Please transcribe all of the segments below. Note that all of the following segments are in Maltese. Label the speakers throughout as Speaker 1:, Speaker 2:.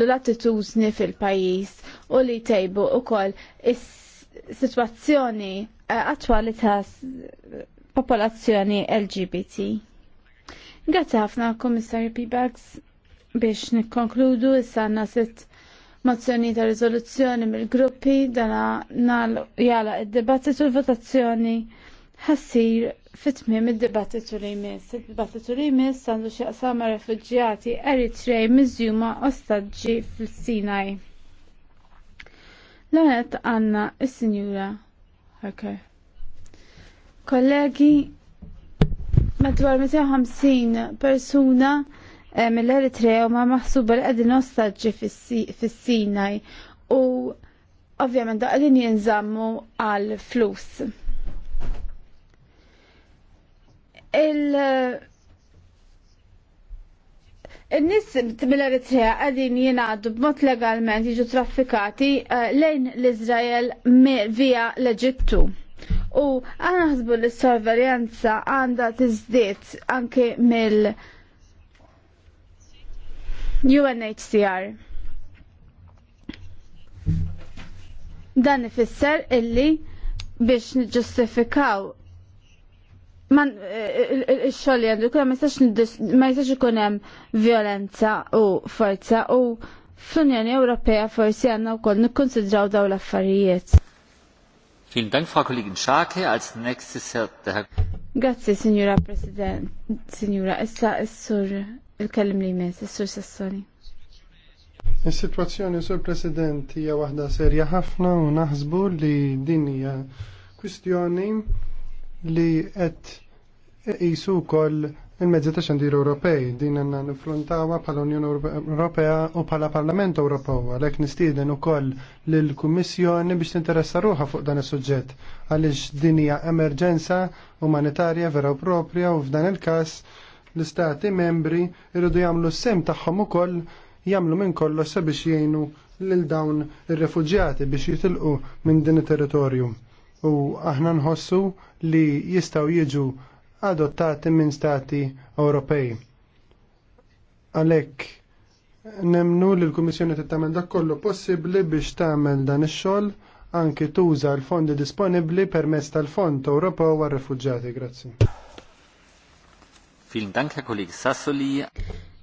Speaker 1: l-attitudni fil-pajis u li tejbu u koll is-situazzjoni eh, attwali ta' popolazzjoni LGBT. Grazie ħafna Komissarju Pibags, biex nikkonkludu s-sanna sitt mozzjoni ta' rizoluzzjoni mill-gruppi dana jala id-debattitu l-votazzjoni ħassir fit-tmiem id-dibattitu li jmiss. Id-dibattitu li jmiss għandu xieqsama refugġjati Eritrej miżjuma ostaġġi fil-Sinaj. L-għanet għanna il-Sinjura Kollegi, madwar 150 persuna eh, mill-Eritrej u ma maħsuba l-għedin ostaġġi fil-Sinaj u ovvjament da għedin jinżammu għal flus. il- Il-nis mill-Eritrea għadin jenaddu b'mod legalment jiġu traffikati eh, lejn l-Izrael via l-Eġittu. U għanaħsbu l sorverjenza għanda t-izdiet anke mill- UNHCR. Dan ifisser illi biex nġustifikaw man il-xogħol eh, eh, għandu kuna ma jistax ikun hemm violenza u forza u fl-Unjoni Ewropea forsi għandna wkoll nikkonsidraw dawn l-affarijiet.
Speaker 2: Vielen Dank, Frau Kollegin Scharke. Als nächstes Herr
Speaker 1: Grazie, Signora President. Signora, issa s-sur il-kellim li mes, s-sur Sassoni.
Speaker 3: situazzjoni sur President, hija waħda serja ħafna u naħsbu li dinja hija kwistjoni li qed jisu wkoll il-mezzi ta' xandir Ewropej din għandna nifrontawa bħala Unjoni Ewropea u bħala Parlament Ewropew għalhekk nistieden ukoll lill kummissjoni biex tinteressa ruha fuq dan is-suġġett għaliex din hija emerġenza umanitarja vera u propria u f'dan il-każ l-istati membri irridu jagħmlu s-sem tagħhom ukoll jagħmlu minn kollox sabiex jgħinu lil dawn ir-refuġjati biex jitilqu minn din it-territorju u aħna nħossu li jistaw jiġu adottati minn stati Ewropej. Għalek, nemnu li l-Kummissjoni tagħmel dak kollu possibbli biex tagħmel dan ix-xogħol anki tuża l-fondi disponibbli permezz tal-Fond Ewropew għar-Refuġġati. Grazzi.
Speaker 2: Vielen Dank, Herr Sassoli.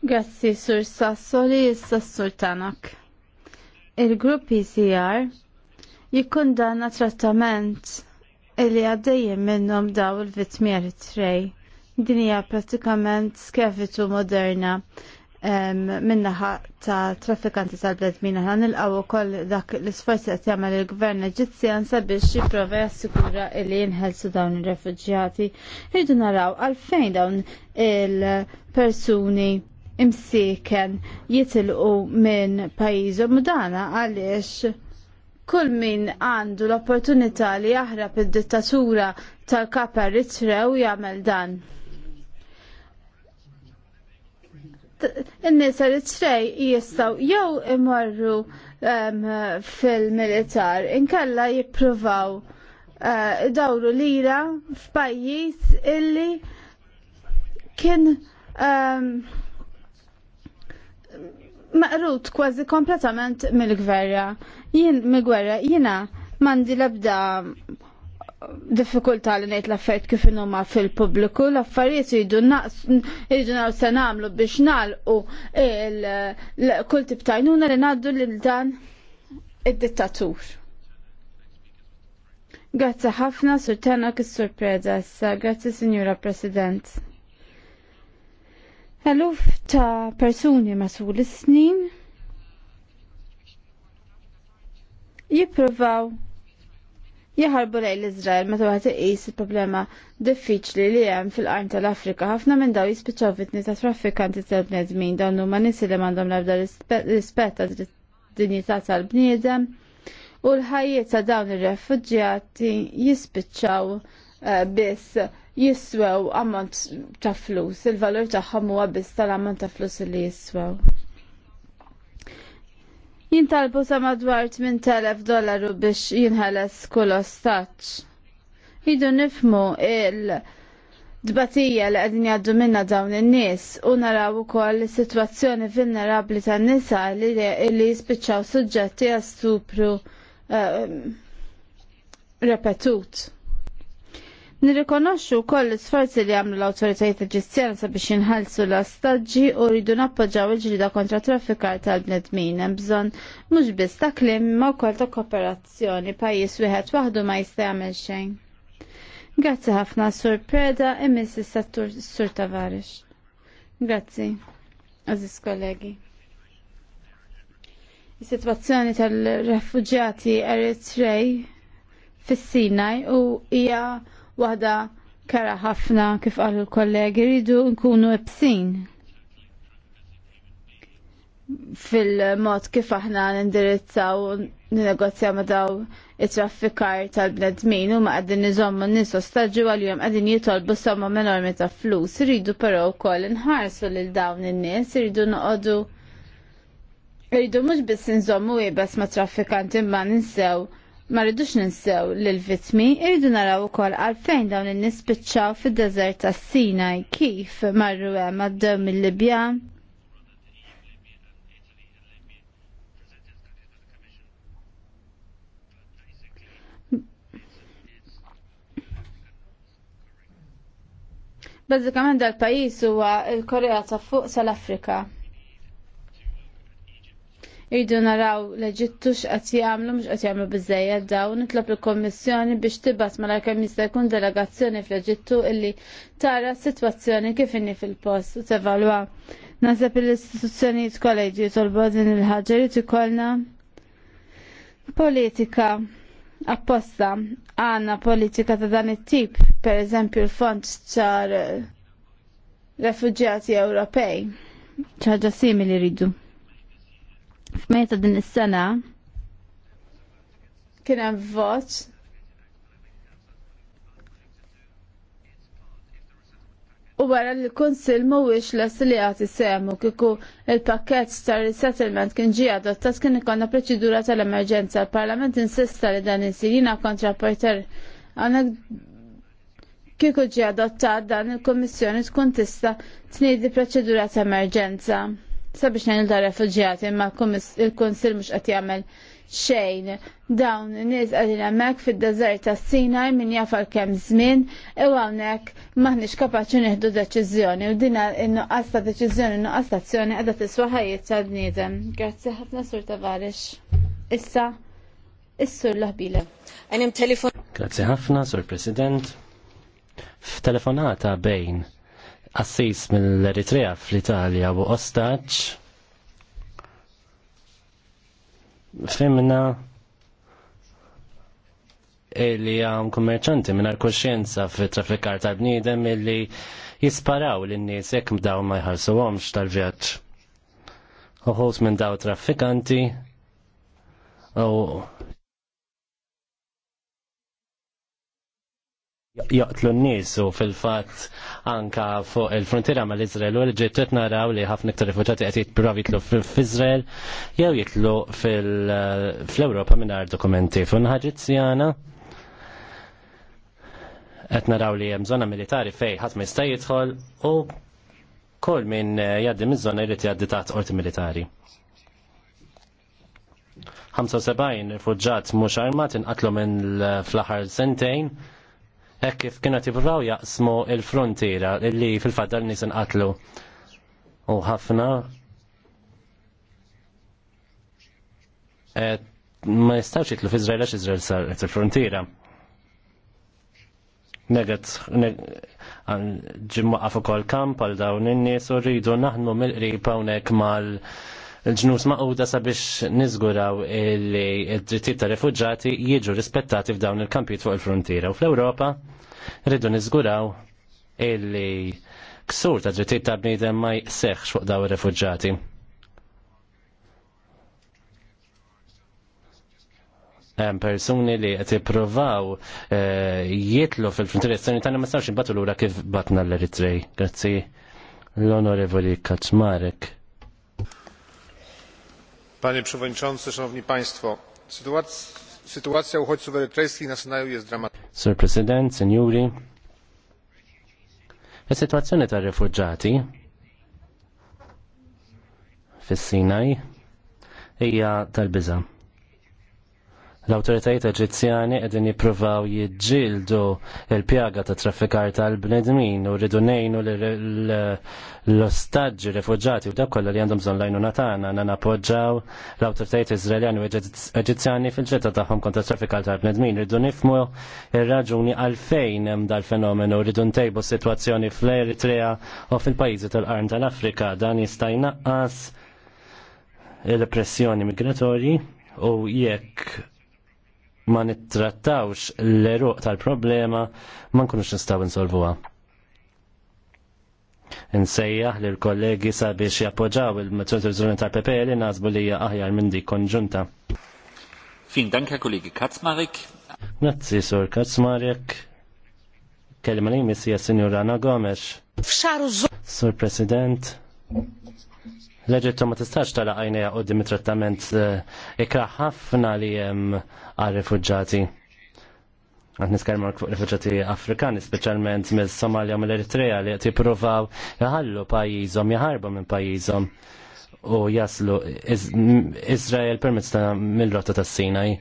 Speaker 1: Grazzi, Sur Sassoli, Sassur Tanak. Il-grupp ICR e Jikun danna trattament illi għaddejjem minnhom daw il-vittmi Eritrej. Din hija prattikament skevitu moderna minnaħa ta' traffikanti tal-bledmin aħna nilqaw koll dak l-isforzi qed jagħmel il-Gvern Eġizzjan sabiex jipprova jassikura li jinħelsu dawn ir-refuġjati. Rridu naraw għalfejn dawn il-persuni imsiken jitilqu minn u dana għaliex kull min għandu l-opportunità li jaħrab id-dittatura tal-kapa Eritrew jagħmel dan. In-nies jistaw jistgħu jew imorru fil-militar inkella jippruvaw eh, dawru lira f'pajjiż illi kien maqrut kważi kompletament mill-gwerra. Jien mill-gwerra jiena mandi l-ebda uh, diffikultà li ngħid l-affarijiet kif huma fil-pubbliku, l-affarijiet jridu jridu naw se nagħmlu biex nagħlqu kull tip tajnuna li ngħaddu lil dan id-dittatur. Grazzi ħafna sur Tanak is-Surpreda issa, grazzi Sinjura President. Eluf ta' persuni masul is-snin jippruvaw jaħarbu lej l-Izrael meta wieħed iqis il-problema diffiċli li hemm fil-qarn tal-Afrika. Ħafna minn daw jispiċċaw vittni ta' traffikanti tal-bnedmin dawn huma nies li m'għandhom l-ebda rispett ta' dinjità tal-bniedem u l-ħajjiet ta' dawn ir-refuġjati jispiċċaw eh, biss jiswew ammont ta' flus, il-valur tagħhom huwa biss tal-ammont ta' flus li jiswew. Jintalbu sa' madwar 8,000 dollaru biex jinħeles kull ostaċ. Jidu nifmu il- Dbatija li għedin jaddu minna dawn in-nies u naraw ukoll situazzjoni vulnerabli tan nisa li jispiċċaw suġġetti għal stupru eh, repetut. Nirrikonoxxu wkoll l-isforzi li għamlu l-awtoritajiet Eġizzjani sabiex jinħallsu l-ostaġġi u rridu nappoġġaw il-ġrida kontra traffikar tal-bnedmin hemm bżonn mhux biss ta' klim ma wkoll ta' kooperazzjoni pajjiż wieħed waħdu ma jista' jagħmel xejn. Grazzi ħafna Sur Preda e Mrs. Sur Tavares. Grazzi, aziz kollegi. Is-sitwazzjoni tal-refuġjati Eritrej fis-Sinaj u hija waħda kara ħafna kif qalu l-kollegi rridu nkunu ebsin fil-mod kif aħna nindirizzaw ninegozja ma daw it-traffikar tal-bnedmin u ma għaddin nizommu n-nis ostaġu għal-jom għaddin jitolbu somma menormi ta' flus. Rridu pero u koll nħarsu lil dawn in-nis, rridu noqodu Rridu mux biss nżommu bas ma traffikanti imma ninsew ma rridux ninsew l-vitmi, irridu naraw ukoll għalfejn dawn in nispiċċaw fid-deżert tas-Sinaj kif marru hemm għaddew mill-Libja. Bazzikament dal-pajis huwa l korea ta' fuq sal-Afrika. Iridu naraw l-Eġittu x'qed jagħmlu mhux qed jagħmlu biżejjed dawn, nitlob il-Kommissjoni biex tibgħat mala kemm jista' jkun delegazzjoni fl-Eġittu illi tara s-sitwazzjoni kif inni fil-post u tevalwa. Naħseb l-istituzzjonijiet kollha jiġu jitolbu din il-ħaġa li ikollna politika apposta għanna politika ta' dan it-tip, per eżempju l-fond ċar refugjati Ewropej, ċaġa simili ridu f'meta din is-sena kien hemm vot U wara li l-Kunsil mhuwiex lest li għati semu kieku il-pakkett tar resettlement kien ġie adottat kien ikollna proċedura tal-emerġenza. Il-Parlament insista li dan insir jiena kontra porter għandek kieku ġie adottat dan il kummissjoni tkun tista' tniedi proċedura ta' emerġenza sabiex ngħidu dar refuġjati imma il-Kunsill mhux qed jagħmel xejn. Dawn nies qegħdin hemmhekk fid-deżert tas-Sinaj min jafar kemm żmien u hawnhekk maħniex kapaċi nieħdu deċiżjoni u din in-nuqqas ta' deċiżjoni in-nuqqas ta' azzjoni qiegħda tiswa ħajjiet tal-bniedem. Grazzi ħafna Sur Tavarix. Issa Is-sur Laħbila. Għanim telefon.
Speaker 2: Grazzi ħafna, Sur President. F'telefonata bejn assis mill-Eritrea fl-Italja u ostaċ fimna illi għam kummerċanti minna l-kosċenza fi traffikar tal-bnidem illi jisparaw l-nies jekk mdaw ma jħarsu għomx tal-vjaċ. Uħos minn daw traffikanti u Jaqtlu n nis u fil-fatt anka fuq il-frontiera mal iżrael u l-ġittet naraw li ħafna ktar rifuġati qed jippruvaw jitlu f'Iżrael jew jitlu fl-Ewropa mingħajr dokumenti. fuq nħaġit sjana qed naraw li hemm żona militari fejn ħadd ma jista' jidħol u kull min eh, jaddi miż-żona jrid jgħaddi taħt orti militari. 75 rifuġġat mhux armat inqatlu minn fl-aħħar sentejn Hekk kif kienu jibraw jaqsmu il-frontiera li fil-fadal nies inqatlu. U ħafna ma jistawx jitlu f'Izrael għax Izrael saret il-frontiera. Negat, ġimma għafu kol kamp għal dawn in-nies u rridu naħnu mill-qrib hawnhekk mal- l-ġnus maquda sabiex nizguraw li id-drittijiet ta' refugġati jiġu rispettati f'dawn il-kampijiet fuq il-frontiera. U fl-Ewropa rridu nizguraw illi ksur ta' drittijiet ta' bniedem ma jseħħx fuq dawn ir-refugġati. hemm persuni li qed jippruvaw eh, jitlu fil-frontieri estani tagħna ma nistgħux nbatu lura kif batna l-Eritrej. Grazzi l-Onorevoli Kaczmarek.
Speaker 3: Panie Przewodniczący, Szanowni Państwo, sytuacja, uchodźców erytrejskich na Synaju jest dramatyczna.
Speaker 2: Sir Is-sitwazzjoni tar-refuġġati fis-Sinaj hija tal-biża' L-autoritajiet Eġizzjani qegħdin jippruvaw jidġildu l-pjaga ta' traffikar tal-bnedmin u rridu nejnu l-ostaġġi rifuġġati u dak li għandhom bżonn lajnu natana na napoġġaw l autoritajiet izraeljani u Eġizzjani fil-ġetta tagħhom kontra traffikar tal-bnedmin rridu nifmu il raġuni għalfejn hemm dal-fenomenu ridu ntejbu s-sitwazzjoni fl-Eritrea u fil-pajjiżi tal-Qarn tal-Afrika dan jista' jnaqqas il-pressjoni migratorji u jekk ma nittrattawx l-eruq tal-problema ma nkunux nistaw insolvuha. Insejjaħ li l-kollegi sabiex jappoġġaw il-mezzjoni tal-PP e li nasbu li hija aħjar minn dik konġunta. Fin danka kollegi Katzmarek. Grazzi, Sur Katzmarek. Kelma li missija Signor Rana Gomes. Sur President. L-Eġittu ma tistax tala għajna u dim trattament eh, ikra ħafna li jem għal-refugġati. Għat niskarmu refugġati afrikani, specialment mill somalia u mill-Eritrea li għat jipruvaw jħallu pajizom, jħarbu minn pajizom u jaslu Izrael permezz ta' mill-rotta tas-Sinaj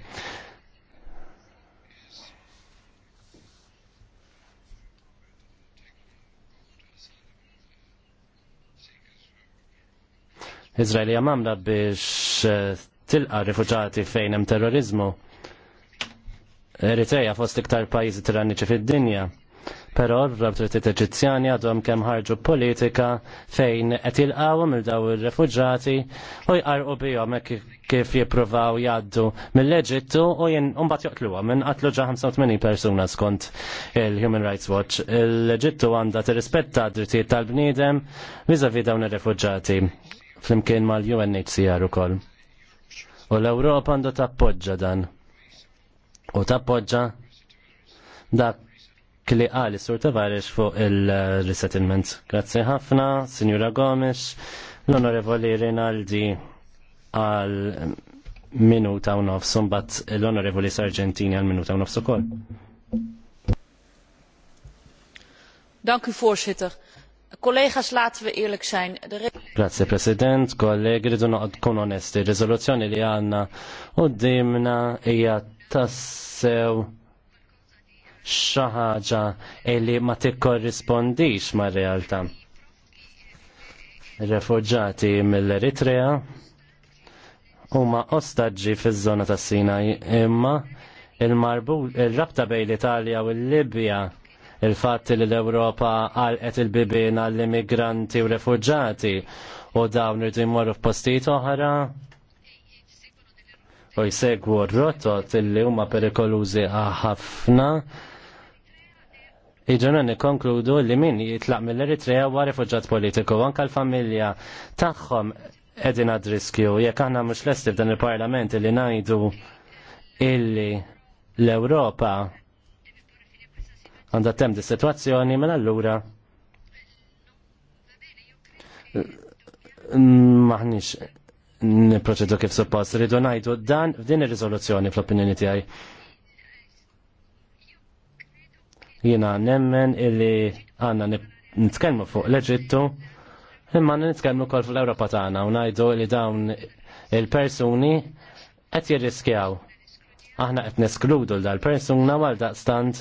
Speaker 2: Izraelija mamla biex eh, tilqa rifuġati fejn hemm terrorizmu. Eritreja fost iktar pajjiżi tiranniċi fid-dinja. Però l-awtoritiet Eġizzjani għadhom kemm ħarġu politika fejn qed jilqawhom il daw ir-refuġati u jqarqu bihom hekk kif jippruvaw jgħaddu mill-Eġittu u jien mbagħad joqtluhom inqatlu ġa 85 persuna skont il-Human Rights Watch. L-Eġittu għandha tirrispetta d-drittijiet tal-bniedem viżavi dawn ir-refuġati flimkien mal-UNHCR ukoll. U l-Ewropa għandu tappoġġa dan. U tappoġġa dak li qal is-Sur Tavares fuq il-resettlement. Grazzi ħafna, Signora Gomes, l-Onorevoli Rinaldi għal minuta u nofs, mbatt l-Onorevoli Sargentini għal minuta u nofs ukoll.
Speaker 1: Dank u voorzitter.
Speaker 2: Grazie, president. Kollegi, rridu noqgħod tkun onesti. Riżoluzzjoni li għandna u dimna hija tassew xi ħaġa li ma tikkorrispondix mar-realtà. Refuġġati mill-Eritrea huma ostaġġi fiż-żona tas-Sinaj imma il-rabta bejn l-Italja u l-Libja il-fatt li l-Ewropa għalqet il-bibin għall-immigranti u refugġati u dawn rridu jmorru f'postijiet oħra u jsegwu r-rotot illi huma perikolużi ħafna. Iġuna nikonkludu li min jitlaq mill-Eritrea huwa refugġat politiku, anka l-familja tagħhom edin għad riskju, jekk aħna mhux lesti f'dan il-Parlament li ngħidu illi l-Ewropa għanda tem di situazzjoni minn mela allura eh, maħniex niproċedu kif suppost. Rridu ngħidu dan f'din ir-riżoluzzjoni fl-opinjoni tiegħi. Jiena nemmen illi għandna nitkellmu fuq l-Eġittu imma nitkellmu wkoll fl-Ewropa tagħna u ngħidu li dawn il-persuni qed jirriskjaw aħna qed neskludu l persuna għal daqstant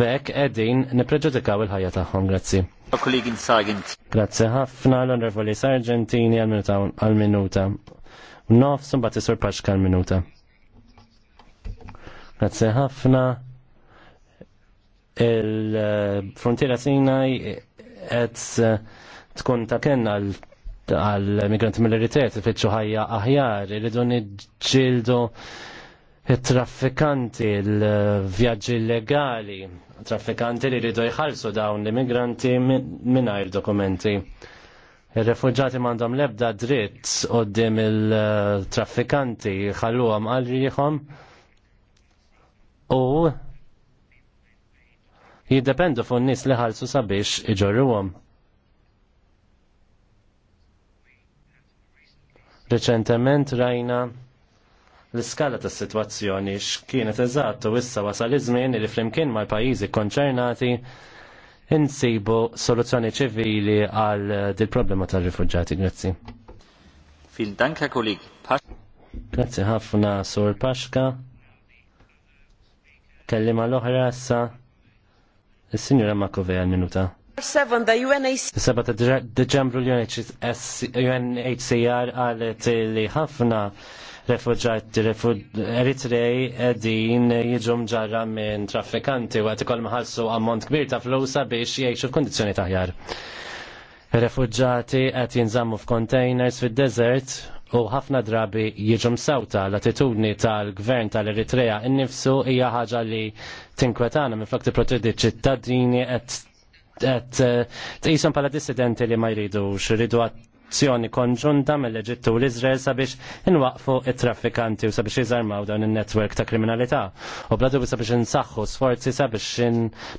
Speaker 2: bekk qegħdin nippreġudikaw il-ħajja tagħhom. Grazzi. Grazzi ħafna l-Onorevoli Sargentini għal-minuta. Nof sumbat isur paċka għal-minuta. Grazzi ħafna. Il-frontiera Sinaj qed tkun ta' kenna għal migranti mill-Eritet, fitxu ħajja aħjar, irridu nġildu traffikanti, l-vjaġġi illegali, traffikanti li rridu jħalsu dawn l-immigranti mingħajr dokumenti. Ir-refugġati m'għandhom l-ebda dritt qoddim il-traffikanti ħalluhom għal rieħhom u jiddependu fuq nies li ħalsu sabiex iġorruhom. Recentement rajna l-iskala ta' situazzjoni x'kienet eżatt u issa wasal iż-żmien li flimkien mal-pajjiżi konċernati insibu soluzzjoni ċivili għal dil problema tal-rifuġġati. Grazzi. Fil danka kolik. Grazzi ħafna Sur Paxka. Kellima l-oħra issa. Is-Sinjura Makovea minuta
Speaker 1: 7 da UNHCR.
Speaker 2: Seba ta' Deġembru l-UNHCR għalet li ħafna refugġati Eritrej edin jiġu ġarra minn traffikanti u għatikol maħalsu ammont kbir ta' flusa biex jiexu f'kondizjoni taħjar. Refugġati għat jinżammu f'containers fil-desert u ħafna drabi jiġu sawta l-attitudni tal-gvern tal-Eritrea innifsu hija ħaġa li tinkwetana minn fakti protetti ċittadini qed t eh, tqishom bħala dissidenti li ma jridux, rridu azzjoni konġunta mill-Eġittu u l-Izrael sabiex inwaqfu it-traffikanti u sabiex jizarmaw dawn il-netwerk ta' kriminalità. U bladu sabiex insaxħu sforzi sabiex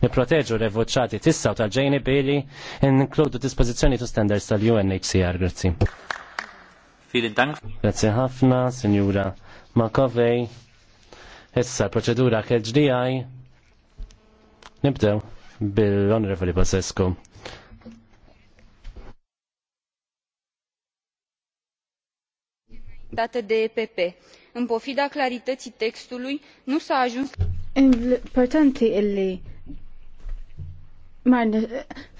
Speaker 2: niproteġu revoċati tissaw tal-ġejni bili inkludu dispożizzjoni tu standards tal-UNHCR. Grazzi. dank. Grazzi ħafna, Sinjura Makovej. Issa, proċedura kħedġdijaj. Nibdew bil-Onorevoli Basescu.
Speaker 1: dată de epp. în pofida clarității textului nu s a ajuns Importanti illi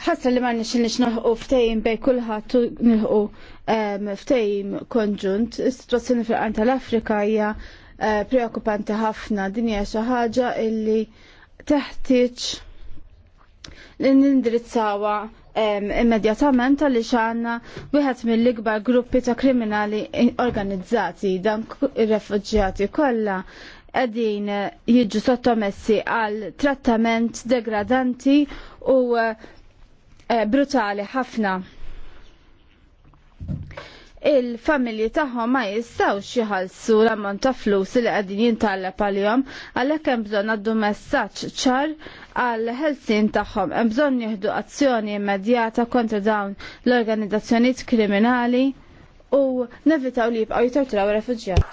Speaker 1: ħassa li marna xin nixnoħu ftejn bej kullħat nilħu ftejn konġunt. Is-situazzjoni fil-qan tal-Afrika hija eh, preokupanti ħafna. Din hija xi ħaġa illi teħtieġ li nindirizzawa immedjatament għalli xanna wieħed mill-ikbar gruppi ta' kriminali organizzati dan ir-refuġjati kollha għedin jiġu sottomessi għal trattament degradanti u eh, brutali ħafna il-familji tagħhom ma jistgħux jħallsu l-ammont ta' flus li qegħdin jintallab għalihom għalhekk hemm bżonn għaddu messaġġ ċar għal ħelsin taħħom bżon bżonn azzjoni immedjata kontra dawn l organizzazzjoniet kriminali u nevitaw li jibqgħu jitortraw refuġjat.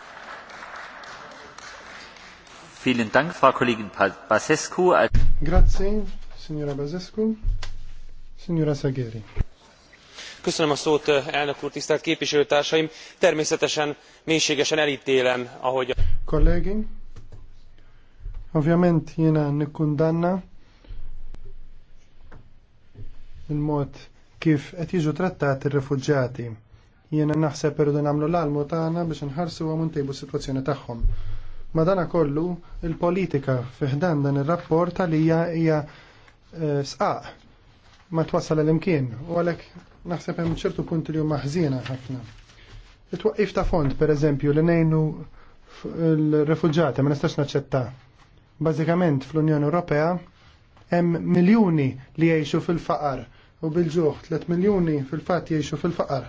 Speaker 2: Vielen Dank, Frau Kollegin Basescu.
Speaker 3: Grazie, signora Basescu. Signora Sagheri. Köszönöm a szót, elnök úr, tisztelt képviselőtársaim. Természetesen mélységesen elítélem, ahogy... Kollégin, ovviamente jena nekundanna, il-mod kif qed jiġu trattati ir-refuġġati. Jiena naħseb irridu nagħmlu l-almu tagħna biex nħarsu u ntejbu s-sitwazzjoni tagħhom. Madana kollu, il-politika fiħdan dan ir-rapport għalija hija eh, sqaq ma twassal l-imkien u għalhekk naħseb hemm ċertu punti li huma ħżiena ħafna. it ta' fond, per eżempju, li ngħinu l-refuġġati ma nistax naċċetta. Bażikament fl-Unjoni Ewropea hemm miljuni li jgħixu fil-faqar u bil-ġuħ 3 miljuni fil-fatt jgħixu fil-faqar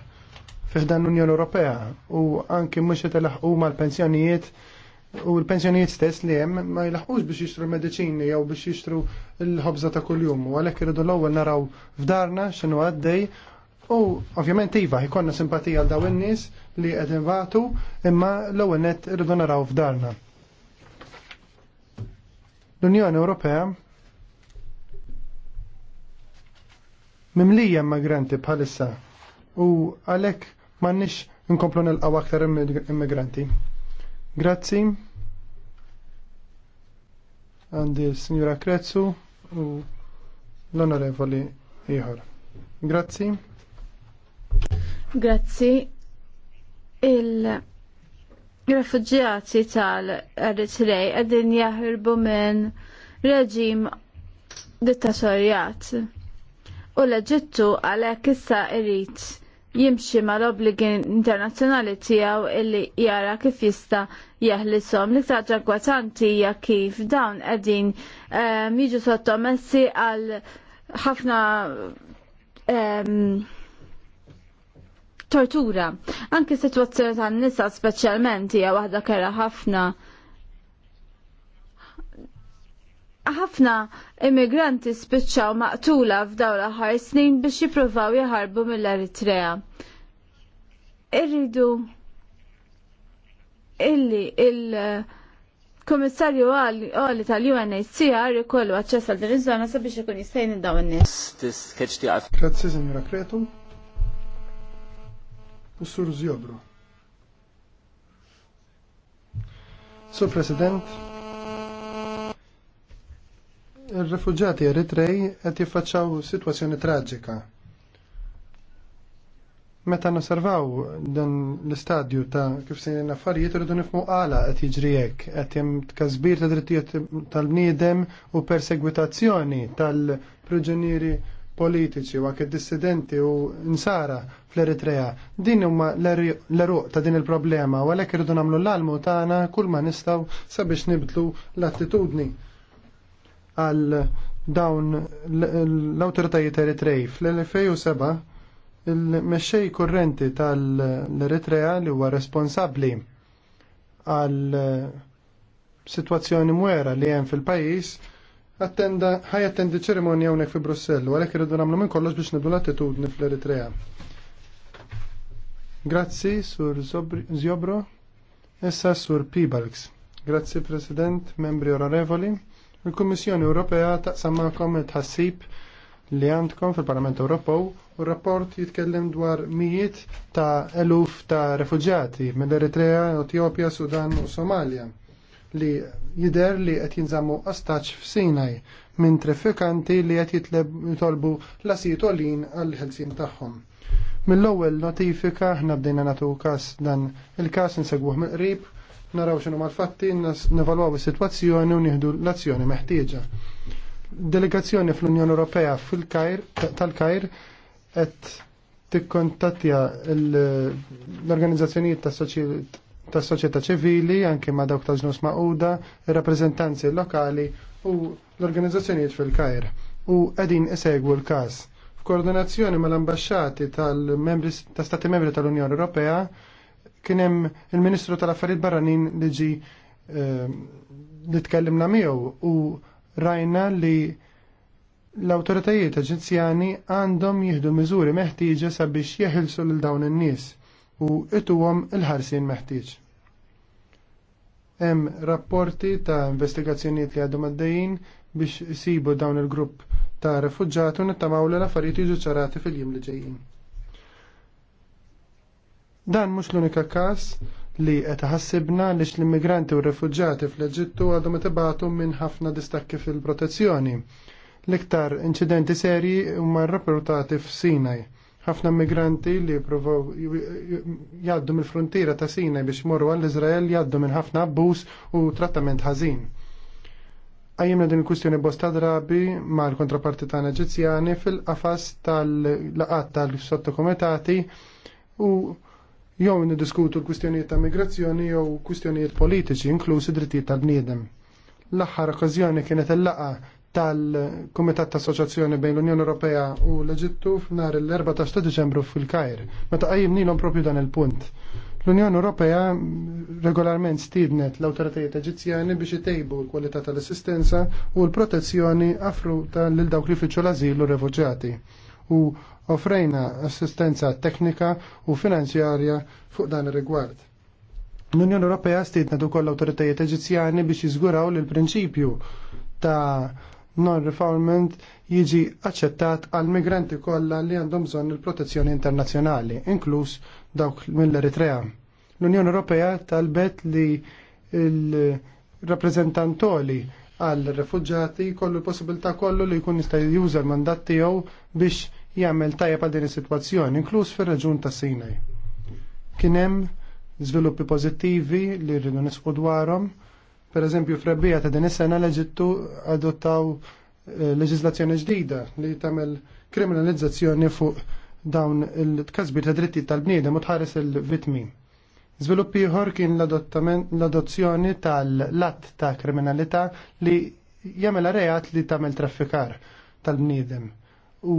Speaker 3: fiħdan l-Unjoni Ewropea u anki mhux qed ilaħqu mal-pensjonijiet u l-pensjonijiet stess li hemm ma jilaħqux biex jixtru mediċini jew biex jixtru l-ħobża ta' kuljum u għalhekk iridu l-ewwel naraw f'darna x'inhu għaddej u ovvjament iva jkollna simpatija għal dawn in-nies li qed inbagħtu imma l-ewwel nett iridu naraw f'darna. L-Unjoni Ewropea mimlija immigranti bħalissa u għalek mannix nkomplu nilqaw aktar immigranti. Grazzi. Għandi signora Krezzu u l-onorevoli ieħor. Grazzi.
Speaker 1: Grazzi. Il- Refugġjati tal-Eritrej għedin jahirbu minn reġim dittatorjat u l-Eġittu għalhekk issa irid jimxi mal-obbligi internazzjonali tiegħu illi jara kif jista' jeħlisom. L-iktar ġagwatanti hija kif dawn qegħdin ehm, jiġu sottomessi għal ħafna ehm, tortura. Anki situazzjoni tan-nisa speċjalment hija waħda kera ħafna ħafna immigranti spiċċaw maqtula f'dawn l-aħħar snin biex jippruvaw jaħarbu mill-Eritrea. Irridu illi il-Komissarju għalli tal-UNHCR jkollu aċċess għal din iż-żona sabiex ikun jistajn daw in-nies.
Speaker 3: Grazzi, Signora Kretu. Ussur Zjobro. Sur President, il-refugġati Eritrej qed jiffaċċaw sitwazzjoni traġika. Meta nosservaw dan l-istadju ta' kif se affarijiet irridu nifmu qala qed jiġri hekk, qed hemm tkasbir ta' drittijiet tal-bniedem u persegwitazzjoni tal-priġunieri politiċi u id dissidenti u nsara fl-Eritrea. Din huma l-eruq ta' din il-problema u għalhekk irridu nagħmlu l-almu tagħna kull ma nistgħu sabiex nibdlu l-attitudni għal dawn l-autoritajiet Eritrej. Fl-2007 il-mexxej kurrenti tal-Eritrea li huwa responsabbli għal situazzjoni mwera li hemm fil-pajjiż attenda ħaj attendi ċerimonja hawnhekk fi Brussellu għalhekk irridu nagħmlu minn kollox biex nidu l-attitudni fl-Eritrea. Grazzi sur Zjobro, issa sur Pibalks. Grazzi President, membri onorevoli. Il-Kummissjoni Ewropea taqsam magħkom il ħassib li għandkom fil-Parlament Ewropew u rapport jitkellem dwar mijiet ta' eluf ta' refugjati mill-Eritrea, Etjopja, Sudan u Somalia li jider li qed jinżammu qastaċ f'Sinaj minn trafikanti li qed jitleb jitolbu l-asit olin għall-ħelsin tagħhom. Mill-ewwel notifika aħna bdejna nagħtu każ dan il-każ insegwuh mill-qrib naraw xinu mal-fatti, nevalwaw is-sitwazzjoni u nieħdu l-azzjoni meħtieġa. Delegazzjoni fl-Unjoni Ewropea fil-Kajr tal-Kajr qed tikkontattja l-organizzazzjonijiet tas soċjetà ċivili anke ma' dawk ta' ġnus maquda, ir-rappreżentanzi lokali u l-organizzazzjonijiet fil-Kajr u qegħdin esegwu l-każ. F'koordinazzjoni mal-ambasċati tal-membri ta' stati membri tal-Unjoni Ewropea kien hemm il-Ministru tal-Affarijiet Barranin li ġi ehm, li tkellimna miegħu u rajna li l-awtoritajiet Eġizzjani għandhom jieħdu miżuri meħtieġa sabiex jeħilsu lil dawn in-nies u ituhom il-ħarsien meħtieġ. Hemm rapporti ta' investigazzjonijiet li għadhom għaddejjin biex isibu dawn il-grupp ta' refugġati u nittamaw li l-affarijiet jiġu ċarati fil-jiem li ġejjin. Dan mhux l-unika każ li qed ħassibna lix l-immigranti u refugġati fl-Eġittu għadhom qed ibatu minn ħafna distakki fil-protezzjoni. L-iktar inċidenti serji huma rrapportati f'Sinaj ħafna migranti li provaw jaddu mill frontiera ta' Sinaj biex morru għall-Izrael jaddu minn ħafna abbuż u trattament ħażin. Għajjimna din il-kustjoni bosta drabi ma' l-kontraparti ta' Eġizzjani fil-qafas tal-laqat tal-sottokomitati u jew niddiskutu l-kwistjonijiet ta' migrazzjoni jew kwistjonijiet politiċi inklusi drittijiet tal-bniedem. L-aħħar okkażjoni kienet il-laqa tal-Kumitat ta' Assoċjazzjoni bejn l-Unjoni Ewropea u l-Eġittu f'nar il-14 ta' Diċembru fil-Kajr. Meta qajjimnilhom propju dan il-punt. L-Unjoni Ewropea regolarment stidnet l-awtoritajiet Eġizzjani biex itejbu l-kwalità tal-assistenza u l-protezzjoni affruta lil dawk li fiċċu l azil u refuġjati u offrejna assistenza teknika u finanzjarja fuq dan ir-rigward. L-Unjoni Ewropea stidna dukoll l-awtoritajiet Eġizzjani biex jiżguraw li l-prinċipju ta' non-refoulement jiġi aċċettat għal migranti kollha li għandhom bżonn il-protezzjoni internazzjonali, inkluż dawk mill-Eritrea. L-Unjoni Ewropea talbet li l-rappreżentantoli għal refugġati kollu possibilità kollu li jkun jista' juża l-mandat tiegħu biex jagħmel tajjeb għal din is-sitwazzjoni, inkluż fir-raġun ta' Sinaj. Kien hemm żviluppi pożittivi li rridu nisqu dwarhom. Pereżempju f'rebbija ta' din is-sena l-Eġittu adottaw eh, leġiżlazzjoni ġdida li tagħmel kriminalizzazzjoni fuq dawn il tkasbi ta' dritti tal-bniedem u tħares il-vitmi. Żvilupp ieħor kien l-adozzjoni tal lat ta' kriminalità li jagħmel reat li tagħmel traffikar tal-bniedem u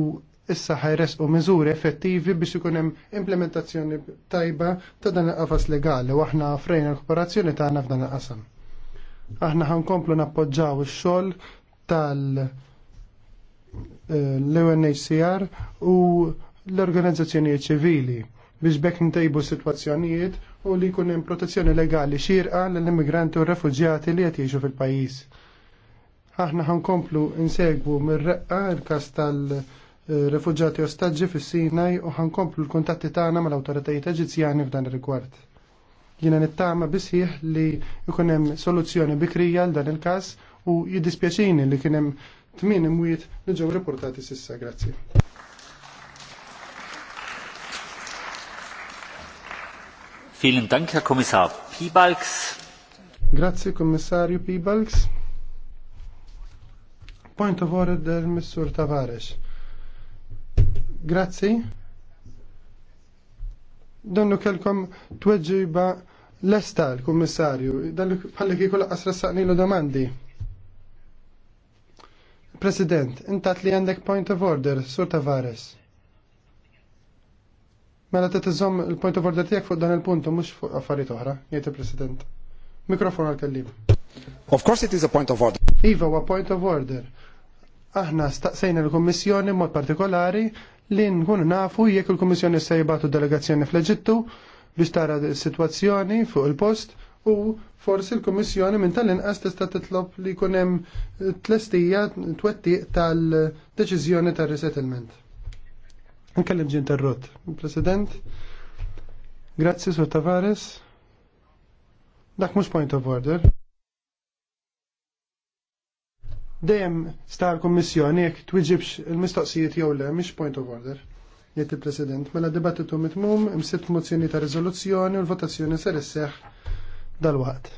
Speaker 3: issa ħajresqu miżuri effettivi biex ikun hemm implementazzjoni tajba ta' dan il-qafas legali u aħna frejna l-kooperazzjoni tagħna f'dan il-qasam. Aħna ħankomplu nappoġġaw ix-xogħol tal- eh, l-UNHCR u l-organizzazzjoni ċivili biex bekk ntejbu situazzjonijiet u li jkun hemm protezzjoni legali xirqa lill-immigranti u refugjati li qed jiġu fil-pajjiż. Aħna ħankomplu insegwu mir-reqqa il-każ tal refugjati ostaġġi fis-Sinaj u ħankomplu l-kuntatti tagħna mal-awtoritajiet Eġizzjani f'dan ir-rigward. Jiena nittama bisħiħ li jkun hemm soluzzjoni bikrija l dan il-każ u jiddispjaċini li kien hemm tmien imwiet li ġew reportati sissa. Grazzi.
Speaker 2: Vielen Dank, Herr Kommissar Piebalgs.
Speaker 3: Grazie, Kommissarju Piebalgs. Point of order del Tavares. Grazie. Donnu kelkom tweġiba l-esta l-Kommissarju. Dan bħalli kikul qasra l domandi. President, intat li għandek point of order, Sur Tavares. Mela t il-point of order tijak fuq dan il-puntu, mux fuq affarijiet oħra, jgħid il-President. Mikrofon għal-kellim. Of course it is a point of order. Iva, wa point of order. Aħna staqsejna l-Kommissjoni mod partikolari li nkunu nafu jekk il-Kommissjoni se jibatu delegazzjoni fl-Eġittu biex tara situazzjoni fuq il-post u forsi l-Kommissjoni minn tal-inqas tista' titlob li jkun hemm tlestija twettiq tal-deċiżjoni tar-resettlement. Nkellem ġin terrot. President, grazzi Sur Tavares. Dak mhux point of order. Dejjem sta l-Kummissjoni jekk twiġibx il-mistoqsijiet jew le, mhix point of order Jiet il-President, mela dibattitu mitmum imsibt mozzjoni ta' riżoluzzjoni u l-votazzjoni ser isseħ dal-waqt.